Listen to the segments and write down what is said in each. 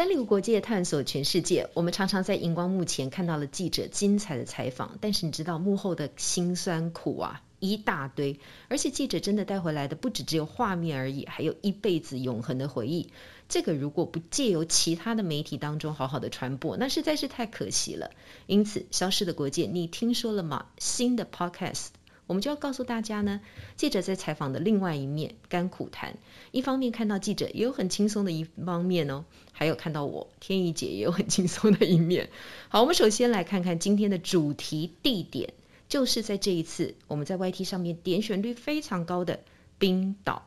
消失的國界探索全世界，我們常常在熒光幕前看到了記者精彩的採訪，但是你知道幕後的辛酸苦啊，一大堆。而且記者真的帶回來的不只只有畫面而已，還有一輩子永恆的回憶。這個如果不借由其他的媒體當中好好的傳播，那實在是太可惜了。因此，消失的國界，你聽說了嗎？新的 podcast，我們就要告訴大家呢，記者在採訪的另外一面，甘苦談。一方面看到記者也有很輕鬆的一方面哦。還有看到我天怡姐也有很輕鬆的一面。好，我們首先來看看今天的主題地點，就是在這一次我們在 Y T 上面點選率非常高的冰島。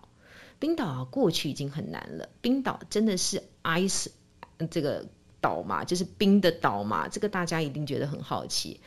冰島啊，過去已經很難了，冰島真的是 ice 這個島嘛，就是冰的島嘛，這個大家一定覺得很好奇。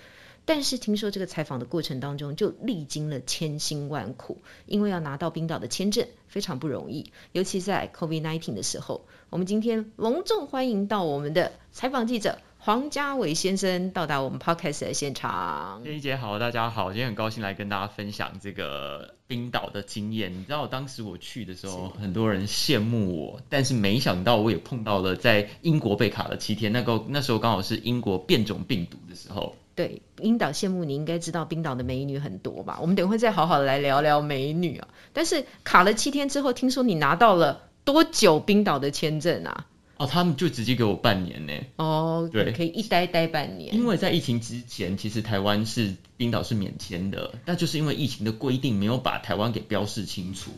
但是聽說這個採訪的過程當中，就歷經了千辛萬苦，因為要拿到冰島的簽證非常不容易，尤其在 COVID-19 的時候。我們今天隆重歡迎到我們的採訪記者。黃家瑋先生到達我們 podcast 的現場。天怡姐好，大家好，今天很高興來跟大家分享這個冰島的經驗。你知道當時我去的時候，的很多人羨慕我，但是沒想到我也碰到了在英國被卡了七天。那個那時候剛好是英國變種病毒的時候。對，冰島羨慕你應該知道冰島的美女很多吧？我們等會再好好的來聊聊美女啊。但是卡了七天之後，聽說你拿到了多久冰島的簽證啊？哦，他們就直接給我半年呢。哦，oh, okay, 對，可以一待一待半年。因為在疫情之前，其實台灣是冰島是免簽的，那就是因為疫情的規定沒有把台灣給標示清楚。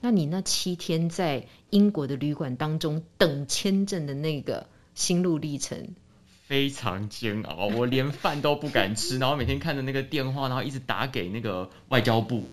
那你那七天在英國的旅館當中等簽證的那個心路歷程，非常煎熬，我連飯都不敢吃， 然後每天看着那個電話，然後一直打給那個外交部。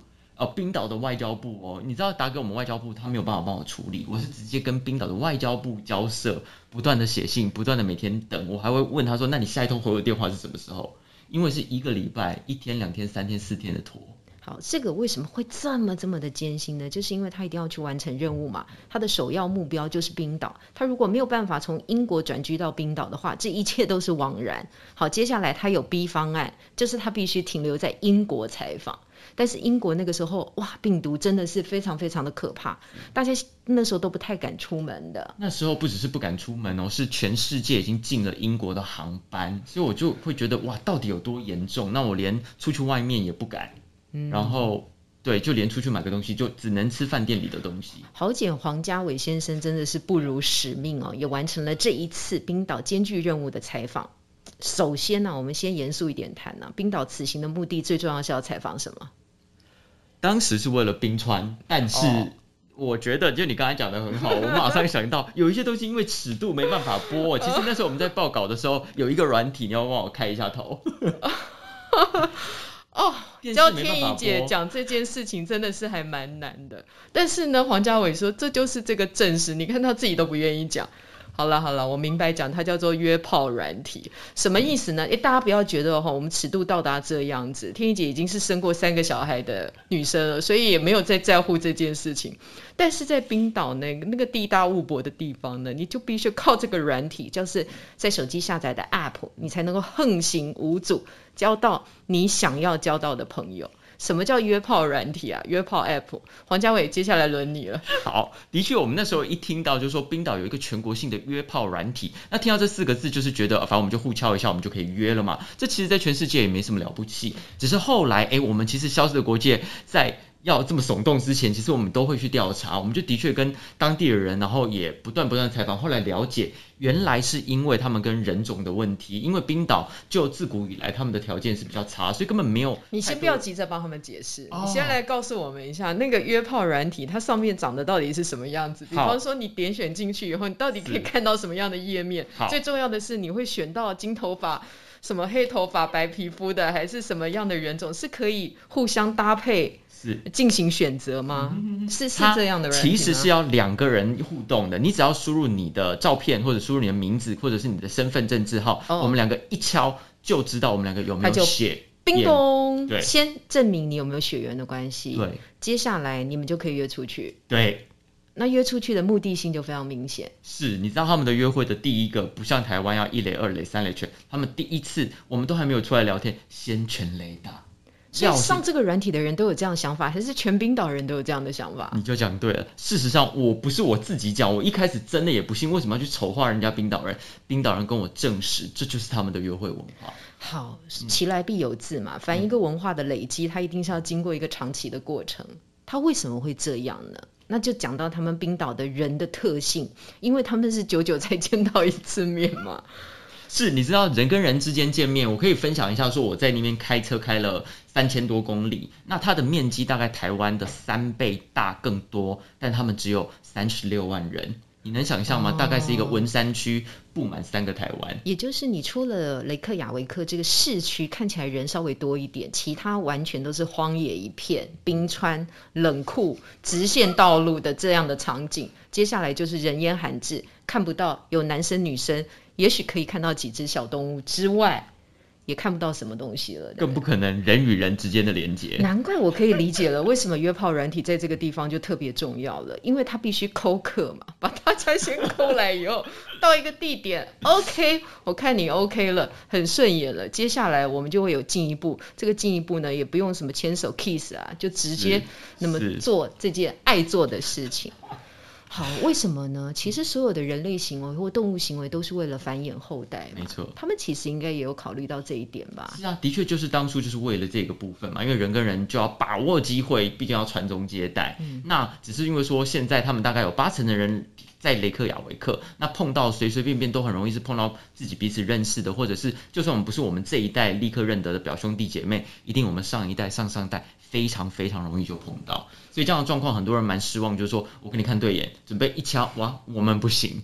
哦，冰島的外交部哦，你知道打給我們外交部，他沒有辦法幫我處理，我是直接跟冰島的外交部交涉，不斷的寫信，不斷的每天等，我還會問他說，那你下一通回我電話是什麼時候？因為是一個禮拜，一天、兩天、三天、四天的拖。好，這個為什麼會這麼這麼的艱辛呢？就是因為他一定要去完成任務嘛。他的首要目標就是冰島，他如果沒有辦法從英國轉居到冰島的話，這一切都是枉然。好，接下來他有 B 方案，就是他必須停留在英國採訪。但是英國那個時候，哇，病毒真的是非常非常的可怕，大家那時候都不太敢出門的。那時候不只是不敢出門哦，是全世界已經禁了英國的航班，所以我就會覺得哇，到底有多嚴重？那我連出去外面也不敢。嗯、然後，對，就連出去買個東西，就只能吃飯店裡的東西。好簡，黃家瑋先生真的是不辱使命哦，也完成了這一次冰島艱鉅任務的採訪。首先呢、啊，我們先嚴肅一點談呢、啊，冰島此行的目的最重要是要採訪什麼？當時是為了冰川，但是、哦、我覺得，就你剛才講的很好，我馬上想到 有一些東西因為尺度沒辦法播、哦。其實那時候我們在報稿的時候 有一個軟體，你要幫我開一下頭。 哦，叫天怡姐講這件事情真的是還蠻難的，但是呢，黃家瑋說，這就是這個證實，你看他自己都不願意講。好了好了，我明白講，它叫做約炮軟體，什麼意思呢？哎、嗯欸，大家不要覺得哈，我們尺度到達這樣子，天怡姐已經是生過三個小孩的女生了，所以也沒有再在，在乎這件事情。但是在冰島那個那個地大物博的地方呢，你就必須靠這個軟體，就是在手機下載的 App，你才能夠橫行無阻。交到你想要交到的朋友，什麼叫約炮軟體啊？約炮 APP，黃家瑋，接下來輪你了。好，的確，我們那時候一聽到就是說冰島有一個全國性的約炮軟體，那聽到這四個字就是覺得，呃，反正我們就互敲一下，我們就可以約了嘛。這其實，在全世界也沒什麼了不起，只是後來，哎、欸，我們其實消失的國界在要這麼聳動之前，其實我們都會去調查，我們就的確跟當地的人，然後也不斷不斷採訪，後來了解，原來是因為他們跟人種的問題，因為冰島就自古以來他們的條件是比較差，所以根本沒有。你先不要急着幫他們解釋，哦、你先來告訴我們一下，那個約炮軟體它上面長得到底是什麼樣子？比方說你點選進去以後，你到底可以看到什麼樣的頁面？最重要的是，你會選到金頭髮、什麼黑頭髮、白皮膚的，還是什麼樣的人種是可以互相搭配？是進行選擇嗎？是是這樣的。人，其實是要兩個人互動的，嗯、你只要輸入你的照片，或者輸入你的名字，或者是你的身份證字號，哦、我們兩個一敲就知道我們兩個有沒有血。叮就咚，對，先證明你有沒有血緣的關係。對，接下來你們就可以約出去。對。那約出去的目的性就非常明顯。是你知道他們的約會的第一個不像台灣要一壘二壘三壘全，他們第一次我們都還沒有出來聊天，先全壘打。所以上這個軟體的人都有這樣想法，還是全冰島人都有這樣的想法？想法你就講對了。事實上，我不是我自己講，我一開始真的也不信，為什麼要去醜化人家冰島人？冰島人跟我證實，這就是他們的約會文化。好，嗯、其來必有自嘛，反一個文化的累積，它一定是要經過一個長期的過程。它為什麼會這樣呢？那就講到他們冰島的人的特性，因為他們是久久才見到一次面嘛。是，你知道人跟人之間見面，我可以分享一下，說我在那邊開車開了三千多公里，那它的面積大概台灣的三倍大更多，但他們只有三十六萬人，你能想象嗎？哦、大概是一個文山區布滿三個台灣，也就是你出了雷克雅維克這個市區，看起來人稍微多一點，其他完全都是荒野一片、冰川、冷酷、直線道路的這樣的場景，接下來就是人煙罕至，看不到有男生女生。也許可以看到幾隻小動物之外，也看不到什麼東西了。更不可能人與人之間的連接。難怪我可以理解了為什麼約炮軟體在這個地方就特別重要了，因為它必須摳客嘛，把大家先摳來以後， 到一個地點，OK，我看你 OK 了，很順眼了，接下來我們就會有進一步。這個進一步呢，也不用什麼牽手 kiss 啊，就直接那麼做這件愛做的事情。好，為什麼呢？其實所有的人類行為或動物行為都是為了繁衍後代，沒錯，他們其實應該也有考慮到這一點吧？是啊，的確就是當初就是為了這個部分嘛，因為人跟人就要把握機會，畢竟要傳宗接代。嗯，那只是因為說現在他們大概有八成的人在雷克雅維克，那碰到隨隨便便都很容易是碰到自己彼此認識的，或者是就算我們不是我們這一代立刻認得的表兄弟姐妹，一定我們上一代、上上代，非常非常容易就碰到，所以這樣的狀況很多人蠻失望，就是說我給你看對眼，準備一敲，哇，我們不行，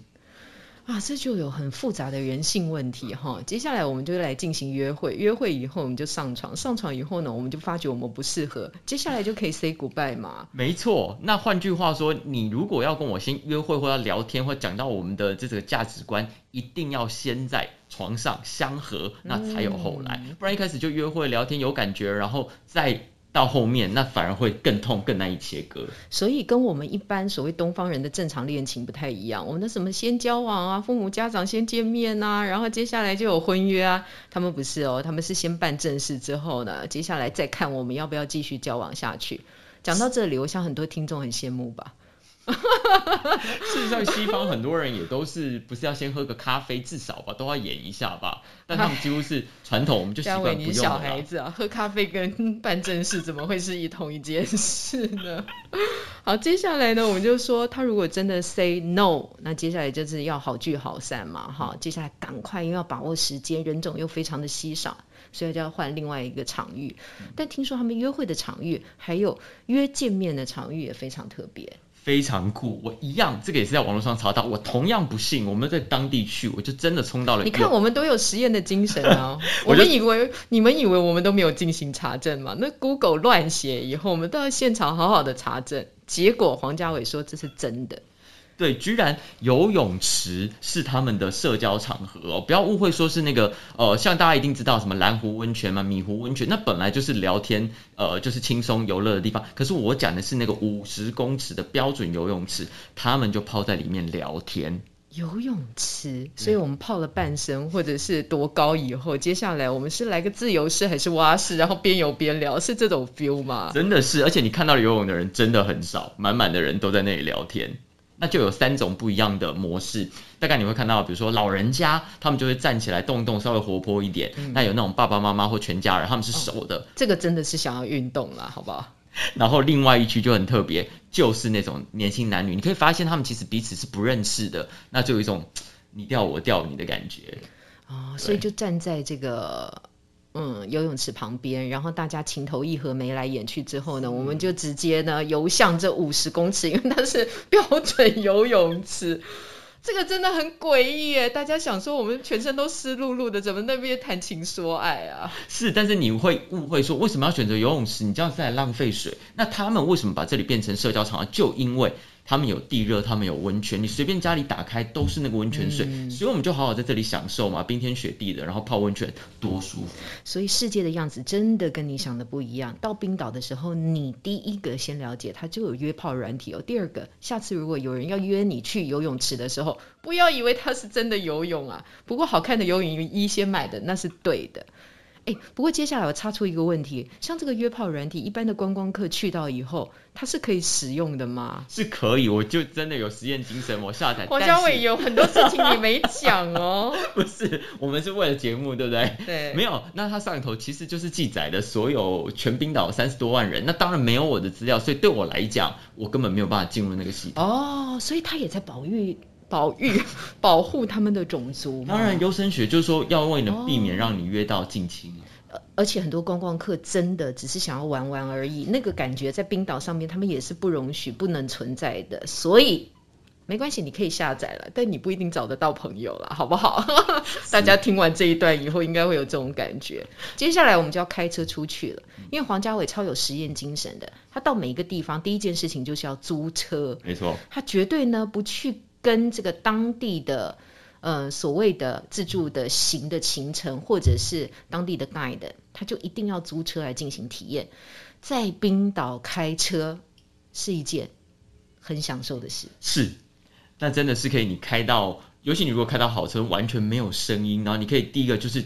啊，這就有很複雜的人性問題哈。接下來我們就來進行約會，約會以後我們就上床，上床以後呢，我們就發覺我們不適合，接下來就可以 say goodbye 嘛？沒錯，那換句話說，你如果要跟我先約會或要聊天或講到我們的這個價值觀，一定要先在床上相合，那才有後來，嗯、不然一開始就約會聊天有感覺，然後再。到後面那反而會更痛，更難以切割。所以跟我們一般所謂東方人的正常戀情不太一樣，我們的什麼先交往啊，父母家長先見面啊，然後接下來就有婚約啊。他們不是哦、喔，他們是先辦正事之後呢，接下來再看我們要不要繼續交往下去。講到這裡，是我想很多聽眾很羨慕吧。 事實上，西方很多人也都是不是要先喝個咖啡，至少吧，都要演一下吧。但他們幾乎是傳統，唉我們就習慣不用了。家瑋，你小孩子啊，喝咖啡跟辦正事怎麼會是一同一件事呢？ 好，接下來呢，我們就說他如果真的 say no，那接下來就是要好聚好散嘛。好，接下來趕快，因為要把握時間，人種又非常的稀少，所以就要換另外一個場域。但聽說他們約會的場域還有約見面的場域也非常特別。非常酷，我一樣，這個也是在網絡上查到，我同樣不信。我們在當地去，我就真的衝到了。你看，我們都有實驗的精神哦、啊。 我，就我們以為你們以為我們都沒有進行查證嗎？那 Google 亂寫以後，我們到現場好好的查證，結果黃家瑋說這是真的。對，居然游泳池是他們的社交場合哦！不要誤會，說是那個呃，像大家一定知道什麼藍湖溫泉嘛、米湖溫泉，那本來就是聊天呃，就是輕鬆遊樂的地方。可是我講的是那個五十公尺的標準游泳池，他們就泡在裡面聊天。游泳池，嗯，所以我們泡了半身或者是多高以後，接下來我們是來個自由式還是蛙式，然後邊游邊聊，是這種 feel 嗎？真的是，而且你看到游泳的人真的很少，滿滿的人都在那裡聊天。那就有三種不一樣的模式，大概你會看到，比如說老人家，他們就會站起來動一動，稍微活潑一點。嗯、那有那種爸爸媽媽或全家，人，他們是熟的。哦、這個真的是想要運動啦好不好？ 然後另外一區就很特別，就是那種年輕男女，你可以發現他們其實彼此是不認識的，那就有一種你釣我釣你的感覺。哦。所以就站在這個。嗯，游泳池旁邊，然後大家情投意合、眉來眼去之後呢，我們就直接呢游向這五十公尺，因為它是標準游泳池，這個真的很詭異誒，大家想說，我們全身都濕漉漉的，怎麼那邊談情說愛啊？是，但是你會誤會說，為什麼要選擇游泳池？你這樣是在浪費水。那他們為什麼把這裡變成社交場啊？就因為。他們有地熱，他們有溫泉，你隨便家裡打開都是那個溫泉水，嗯、所以我們就好好在這裡享受嘛，冰天雪地的，然後泡溫泉多舒服。所以世界的樣子真的跟你想的不一樣。到冰島的時候，你第一個先了解它就有約炮軟體哦、喔。第二個，下次如果有人要約你去游泳池的時候，不要以為他是真的游泳啊，不過好看的游泳衣先買的那是對的。哎、欸，不過接下來我插出一個問題：像這個約炮軟體，一般的觀光客去到以後，它是可以使用的嗎？是可以，我就真的有實驗精神，我下載。黃家瑋，有很多事情你沒講哦。 不是，我們是為了節目，對不對？對。沒有，那它上頭其實就是記載了所有全冰島三十多萬人，那當然沒有我的資料，所以對我來講，我根本沒有辦法進入那個系統。哦，所以他也在保育。保育、保護他們的種族，當然優生學就是說要為了避免讓你約到近親、哦、而且很多觀光客真的只是想要玩玩而已，那個感覺在冰島上面他們也是不容許、不能存在的。所以沒關係，你可以下載了，但你不一定找得到朋友了，好不好？ 是大家聽完這一段以後，應該會有這種感覺。接下來我們就要開車出去了，因為黃家瑋超有實驗精神的，他到每一個地方第一件事情就是要租車。沒錯錯，他絕對呢不去。跟這個當地的呃所謂的自助的行的行程，或者是當地的 guide，他就一定要租車來進行體驗。在冰島開車是一件很享受的事。是，那真的是可以，你開到，尤其你如果開到好車，完全沒有聲音，然後你可以第一個就是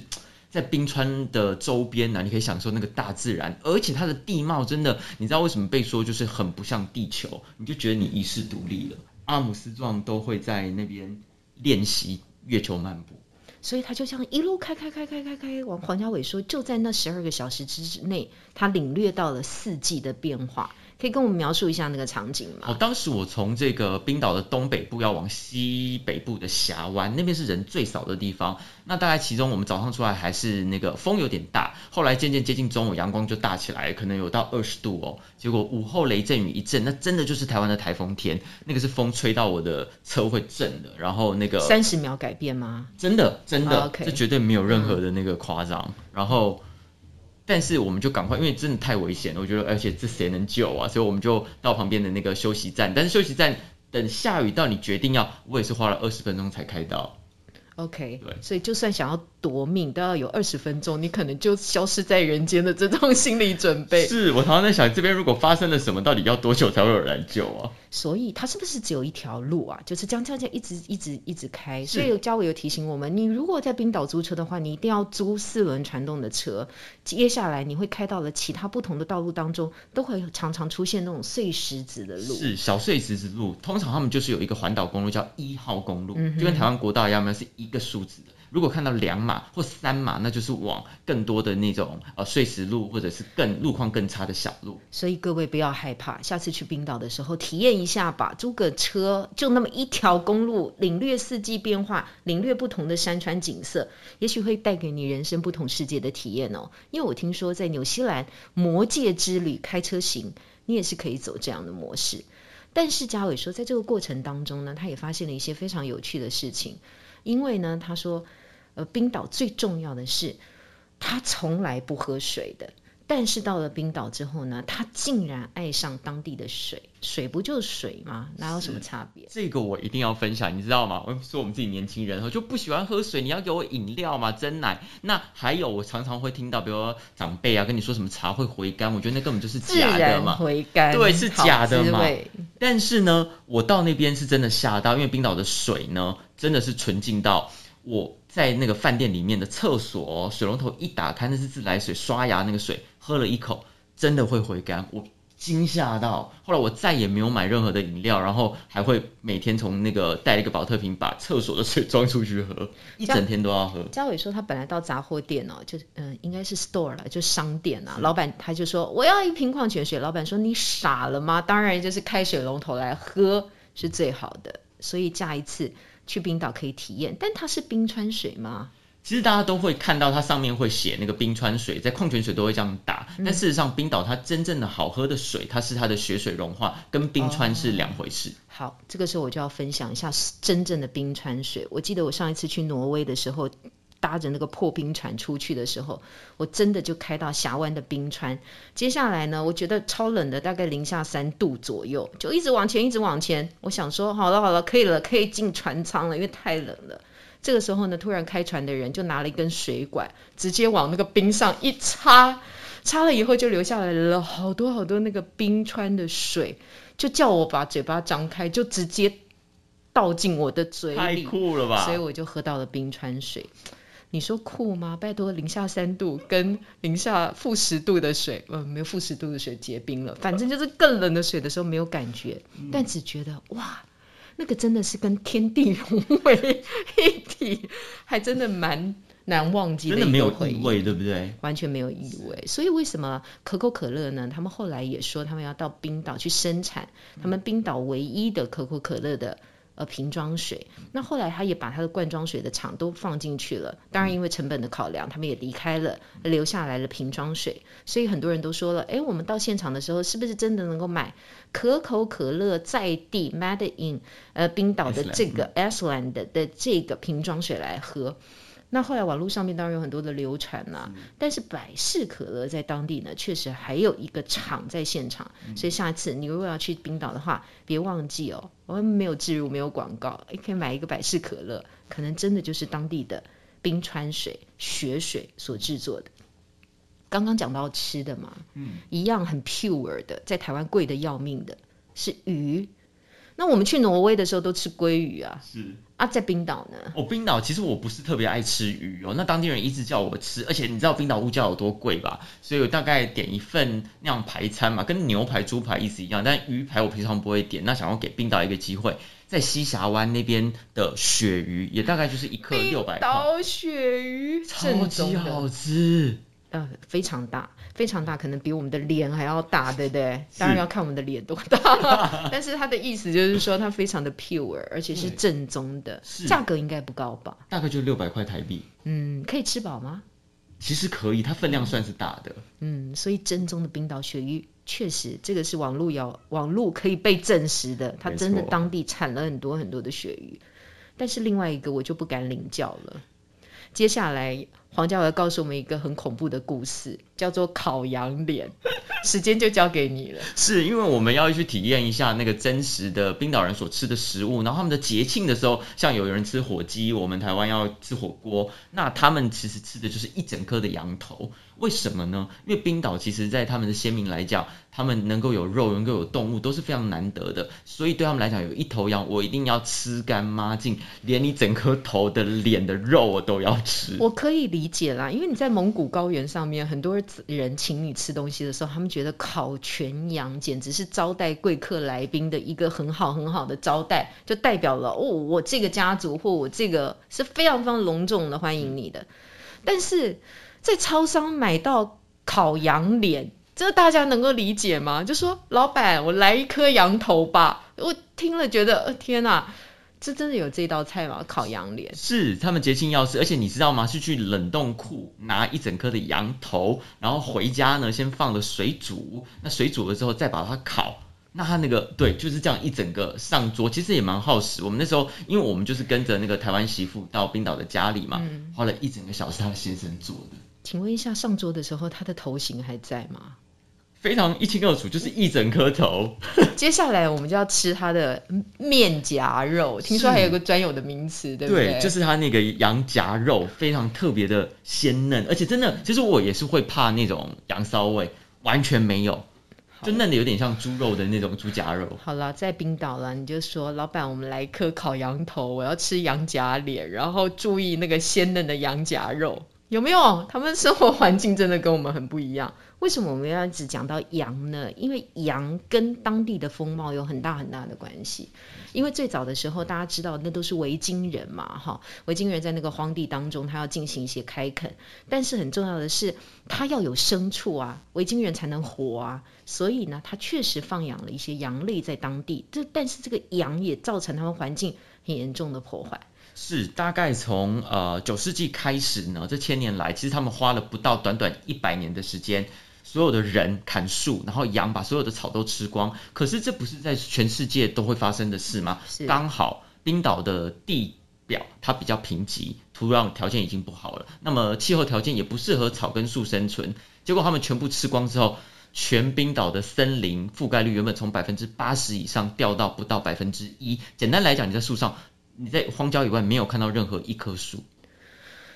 在冰川的周邊呢、啊，你可以享受那個大自然，而且它的地貌真的，你知道為什麼被說就是很不像地球？你就覺得你遺世獨立了。阿姆斯壯都會在那邊練習月球漫步，所以他就像一路開開開開開開，往黃家瑋說，就在那十二個小時之內，他領略到了四季的變化。可以跟我們描述一下那個場景嗎？哦，當時我從這個冰島的東北部要往西北部的峽灣，那邊是人最少的地方。那大概其中我們早上出來還是那個風有點大，後來漸漸接近中午，陽光就大起來，可能有到二十度哦。結果午後雷陣雨一陣，那真的就是台灣的台風天，那個是風吹到我的車會震的，然後那個三十秒改變嗎？真的真的，真的 Oh, okay. 這絕對沒有任何的那個誇張，嗯，然後。但是我們就趕快，因為真的太危險了，我覺得，而且這誰能救啊？所以我們就到旁邊的那個休息站。但是休息站等下雨到你決定要，我也是花了二十分鐘才開到。OK，對，所以就算想要。奪命都要有二十分鐘，你可能就消失在人間的這種心理準備。是,我常常在想,這邊如果發生了什麼，到底要多久才會有人救啊？所以它是不是只有一條路啊？就是將這，這，這樣一直一直一直開。是所以家瑋有提醒我們，你如果在冰島租車的話，你一定要租四輪傳動的車。接下來你會開到了其他不同的道路當中，都會常常出現那種碎石子的路。是小碎石子路，通常他們就是有一個環島公路叫一號公路，嗯、哼就跟台灣國道一樣，是一個數字的。如果看到兩碼或三碼，那就是往更多的那種呃碎石路，或者是更路況更差的小路。所以各位不要害怕，下次去冰島的時候，體驗一下吧。租個車，就那麼一條公路，領略四季變化，領略不同的山川景色，也許會帶給你人生不同世界的體驗哦、喔。因為我聽說在紐西蘭魔戒之旅開車行，你也是可以走這樣的模式。但是家瑋說，在這個過程當中呢，他也發現了一些非常有趣的事情。因為呢，他說，呃，冰島最重要的是，他從來不喝水的。但是到了冰島之後呢，他竟然愛上當地的水。水不就是水嗎？哪有什麼差別？這個我一定要分享，你知道嗎？我們說我們自己年輕人哈，就不喜歡喝水，你要給我飲料嘛，珍奶。那還有，我常常會聽到，比如說長輩啊跟你說什麼茶會回甘，我覺得那根本就是假的嘛，回甘，對，是假的嘛。但是呢，我到那邊是真的嚇到，因為冰島的水呢真的是純淨到我在那個飯店裡面的廁所、哦、水龍頭一打開，那是自來水，刷牙那個水。喝了一口，真的會回甘，我驚嚇到。後來我再也沒有買任何的飲料，然後還會每天從那個帶一個保特瓶，把廁所的水裝出去喝，家一整天都要喝。家瑋說他本來到雜貨店哦、喔，就嗯，應該是 store 啦，就商店啊，的老闆他就說我要一瓶礦泉水，老闆說你傻了嗎？當然就是開水龍頭來喝是最好的，所以下一次去冰島可以體驗。但它是冰川水嗎？其實大家都會看到它上面會寫那個冰川水，在礦泉水都會這樣打，嗯。但事實上冰島它真正的好喝的水，它是它的雪水融化跟冰川是兩回事。哦嗯。好，這個時候我就要分享一下真正的冰川水。我記得我上一次去挪威的時候，搭着那個破冰船出去的時候，我真的就開到峽灣的冰川。接下來呢，我覺得超冷的，大概零下三度左右，就一直往前，一直往前。我想說，好了好了，可以了，可以進船艙了，因為太冷了。這個時候呢，突然開船的人就拿了一根水管，直接往那個冰上一插，插了以後就流下來了好多好多那個冰川的水，就叫我把嘴巴張開，就直接倒進我的嘴裡。太酷了吧！所以我就喝到了冰川水。你說酷嗎？拜託，零下三度跟零下負十度的水，嗯、呃，沒有負十度的水結冰了。反正就是更冷的水的時候沒有感覺，嗯、但只覺得哇。那個真的是跟天地融為一體，還真的蠻難忘記的，真的沒有異味，對不對？完全沒有異味，是所以為什麼可口可樂呢？他們後來也說，他們要到冰島去生產，他們冰島唯一的可口可樂的。呃，瓶裝水。那後來他也把他的罐裝水的廠都放進去了，當然因為成本的考量，他們也離開了，留下來了瓶裝水。所以很多人都說了，哎，我們到現場的時候，是不是真的能夠買可口可樂在地 made in 呃冰島的這個 Esland 的這個瓶裝水來喝？那後來網絡上面當然有很多的流傳啦，啊，是嗯、但是百事可樂在當地呢確實還有一個廠在現場，嗯、所以下次你如果要去冰島的話，別忘記哦，我們沒有置入，沒有廣告，你可以買一個百事可樂，可能真的就是當地的冰川水、雪水所製作的。剛剛講到吃的嘛，嗯、一樣很 pure 的，在台灣貴得要命的是魚。那我們去挪威的時候都吃鮭魚啊，是啊，在冰島呢？哦，冰島其實我不是特別愛吃魚哦，那當地人一直叫我吃，而且你知道冰島物價有多貴吧？所以我大概點一份那樣排餐嘛，跟牛排、豬排意思一樣，但魚排我平常不會點。那想要給冰島一個機會，在西峽灣那邊的鱈魚也大概就是一克六百刀。冰島鱈魚，超級好吃。呃，非常大，非常大，可能比我們的臉還要大，對不對？是當然要看我們的臉多大了。是，但是它的意思就是說，它非常的 pure，而且是正宗的，價格應該不高吧？大概就六百塊台幣。嗯，可以吃飽嗎？其實可以，它分量算是大的。嗯，所以正宗的冰島鱈魚，確實這個是網路要網路可以被證實的，它真的當地產了很多很多的鱈魚。錯但是另外一個我就不敢領教了，接下來。黃家瑋告訴我們一個很恐怖的故事，叫做烤羊臉，時間就交給你了。 是因為我們要去體驗一下那個真實的冰島人所吃的食物，然後他們的節慶的時候，像有人吃火雞，我們台灣要吃火鍋，那他們其實吃的就是一整顆的羊頭。為什麼呢？因為冰島其實在他們的先民來講，他們能夠有肉，能夠有動物都是非常難得的，所以對他們來講有一頭羊，我一定要吃乾抹淨，連你整顆頭的臉的肉我都要吃。我可以理。理解啦，因為你在蒙古高原上面，很多人請你吃東西的時候，他們覺得烤全羊簡直是招待貴客來賓的一個很好很好的招待，就代表了哦，我這個家族或我這個是非常非常隆重的歡迎你的。但是在超商買到烤羊臉，這大家能夠理解嗎？就說老闆，我來一顆羊頭吧，我聽了覺得，哦，天哪！這真的有這道菜嗎？烤羊臉是他們節慶要吃，而且你知道嗎？是去冷凍庫拿一整顆的羊頭，然後回家呢，先放了水煮，那水煮了之後再把它烤，那它那個對，嗯、就是這樣一整個上桌，其實也蠻耗時。我們那時候因為我們就是跟着那個台灣媳婦到冰島的家裡嘛，嗯、花了一整個小時，她的先生做的。請問一下，上桌的時候他的頭型還在嗎？非常一清二楚，就是一整顆頭。 接下來我們就要吃它的面頰肉，是聽說還有個專有的名詞，對不對？對，就是它那個羊頰肉，非常特別的鮮嫩，而且真的，其實我也是會怕那種羊騷味，完全沒有，好就嫩的有點像豬肉的那種豬頰肉。好了，在冰島了，你就說老闆，我們來顆烤羊頭，我要吃羊頰臉，然後注意那個鮮嫩的羊頰肉，有沒有？他們生活環境真的跟我們很不一樣。為什麼我們要一直講到羊呢？因為羊跟當地的風貌有很大很大的關係。因為最早的時候，大家知道那都是維京人嘛，哈，維京人在那個荒地當中，他要進行一些開墾。但是很重要的是，他要有牲畜啊，維京人才能活啊。所以呢，他確實放養了一些羊類在當地。這但是這個羊也造成他們環境很嚴重的破壞。是大概從呃九世紀開始呢，這千年來，其實他們花了不到短短一百年的時間。所有的人砍樹，然後羊把所有的草都吃光。可是這不是在全世界都會發生的事嗎？剛是好冰島的地表它比較貧瘠，土壤條件已經不好了，那麼氣候條件也不適合草跟樹生存。結果他們全部吃光之後，全冰島的森林覆蓋率原本從百分之八十以上掉到不到百分之一。簡單來講，你在樹上，你在荒郊以外沒有看到任何一棵樹。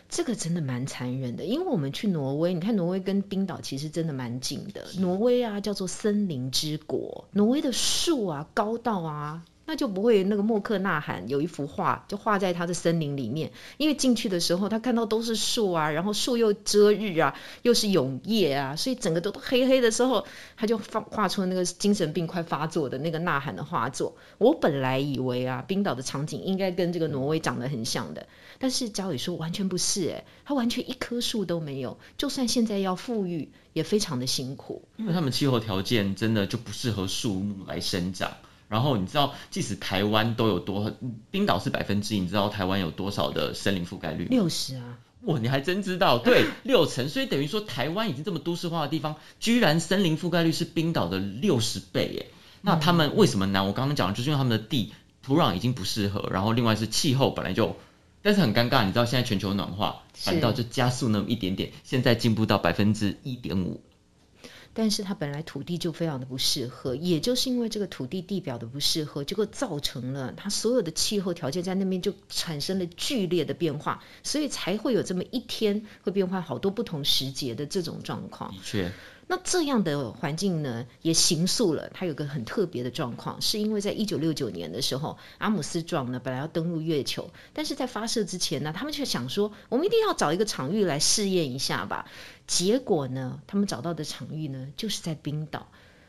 這個真的蠻殘忍的，因為我們去挪威，你看挪威跟冰島其實真的蠻近的。挪威啊，叫做森林之國，挪威的樹啊，高到啊。那就不會那個莫克吶喊，有一幅畫就畫在他的森林裡面，因為進去的時候他看到都是樹啊，然後樹又遮日啊，又是永夜啊，所以整個都都黑黑的時候，他就畫畫出那個精神病快發作的那個吶喊的畫作。我本來以為啊，冰島的場景應該跟這個挪威長得很像的，但是家瑋說完全不是誒、欸，他完全一棵樹都沒有，就算現在要富裕也非常的辛苦，因為他們氣候條件真的就不適合樹木來生長。然後你知道，即使台灣都有多，冰島是百分之一，你知道台灣有多少的森林覆蓋率？六十啊！哇，你還真知道，對，六 成。所以等於說，台灣已經這麼都市化的地方，居然森林覆蓋率是冰島的六十倍耶！那他們為什麼難？嗯、我剛剛講的就是因為他們的地土壤已經不適合，然後另外是氣候本來就，但是很尷尬，你知道現在全球暖化反倒就加速那麼一點點，是現在進步到百分之一點五。但是它本來土地就非常的不適合，也就是因為這個土地地表的不適合，結果造成了它所有的氣候條件在那邊就產生了劇烈的變化，所以才會有這麼一天會變化好多不同時節的這種狀況。的確那這樣的環境呢，也形塑了。它有個很特別的狀況，是因為在一九六九年的時候，阿姆斯壯呢本來要登陸月球，但是在發射之前呢，他們卻想說，我們一定要找一個場域來試驗一下吧。結果呢，他們找到的場域呢，就是在冰島。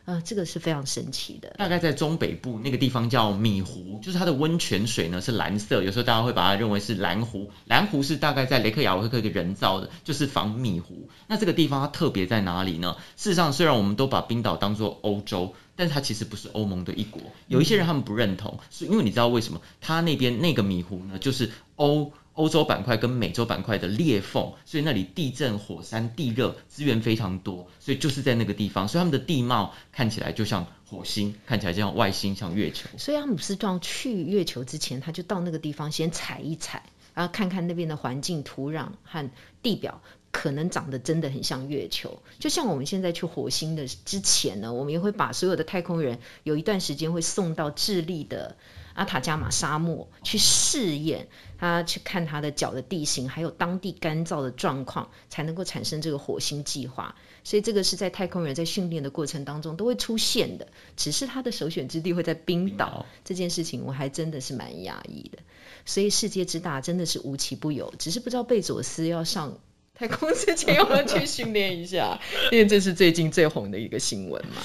啊，這個是非常神奇的。大概在中北部那個地方叫米湖，就是它的溫泉水呢，是藍色，有時候大家會把它認為是藍湖。藍湖是大概在雷克雅未克一個人造的，就是仿米湖。那這個地方它特別在哪裡呢？事實上，雖然我們都把冰島當做歐洲，但是它其實不是歐盟的一國。有一些人他們不認同，是因為你知道為什麼？它那邊那個米湖呢，就是歐。歐洲板塊跟美洲板塊的裂縫，所以那裡地震、火山、地熱資源非常多，所以就是在那個地方，所以他們的地貌看起來就像火星，看起來就像外星，像月球。所以阿姆斯壯去月球之前，他就到那個地方先踩一踩，然後看看那邊的環境、土壤和地表，可能長得真的很像月球。就像我們現在去火星的之前呢，我們也會把所有的太空人有一段時間會送到智利的，阿塔加馬沙漠去試驗，他去看他的腳的地形，還有當地乾燥的狀況，才能夠產生這個火星計劃。所以這個是在太空人在訓練的過程當中都會出現的，只是他的首選之地會在冰島島這件事情，我還真的是蠻訝異的。所以世界之大，真的是無奇不有，只是不知道貝佐斯要上太空之前，要不要去訓練一下， 因為這是最近最紅的一個新聞嘛。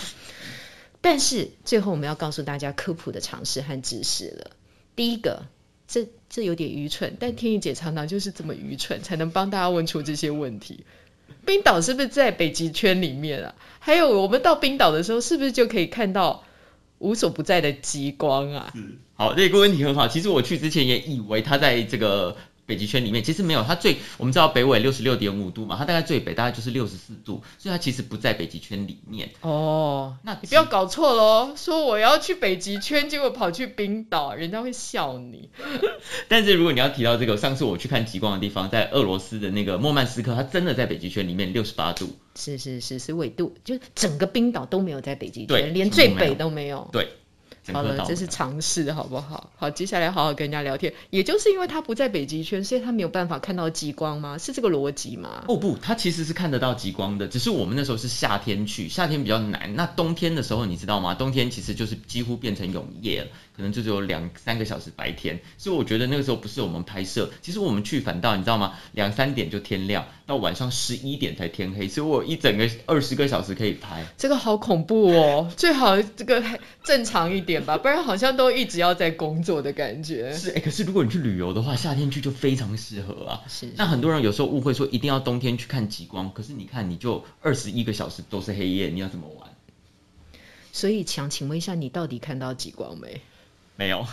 但是最後我們要告訴大家科普的常識和知識了。第一個，這這有點愚蠢，但天怡姐常常就是這麼愚蠢，才能幫大家問出這些問題。冰島是不是在北極圈裡面啊？還有我們到冰島的時候，是不是就可以看到無所不在的極光啊？是，好，這個問題很好。其實我去之前也以為他在這個。北極圈裡面，其實沒有，它最我們知道北緯六十六點五度嘛，它大概最北大概就是六十四度，所以它其實不在北極圈裡面。哦，那幾你不要搞錯嘍，說我要去北極圈，結果跑去冰島，人家會笑你。 但是如果你要提到這個，上次我去看極光的地方在俄羅斯的那個莫曼斯克，它真的在北極圈裡面六十八度。是是是是緯度，就是整個冰島都沒有在北極圈，對連最北都沒有。對。了好了，這是嘗試，好不好？好，接下來好好跟人家聊天。也就是因為他不在北極圈，所以他沒有辦法看到極光嗎？是這個邏輯嗎？哦不，他其實是看得到極光的，只是我們那時候是夏天去，夏天比較難。那冬天的時候，你知道嗎？冬天其實就是幾乎變成永夜了。可能就只有兩三個小時白天，所以我覺得那個時候不是我們拍攝，其實我們去反倒你知道嗎？兩三點就天亮，到晚上十一點才天黑，所以我一整個二十個小時可以拍。這個好恐怖哦， 最好這個正常一點吧，不然好像都一直要在工作的感覺。是，哎、欸，可是如果你去旅遊的話，夏天去就非常適合啊。是，是。那很多人有時候誤會說一定要冬天去看極光，可是你看你就二十一個小時都是黑夜，你要怎麼玩？所以強，請問一下，你到底看到極光沒？沒有，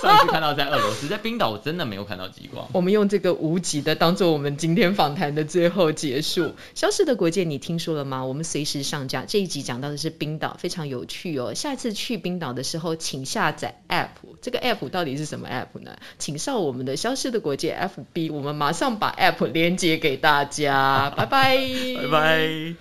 上一次看到在俄羅斯，在冰島我真的沒有看到極光。 我們用這個無極的當作我們今天訪談的最後結束。消失的國界你聽說了嗎？我們隨時上架這一集講到的是冰島，非常有趣哦、喔。下次去冰島的時候，請下載 App，這個 App 到底是什麼 App 呢？請上我們的消失的國界 FB，我們馬上把 App 連接給大家。 拜拜， 拜拜。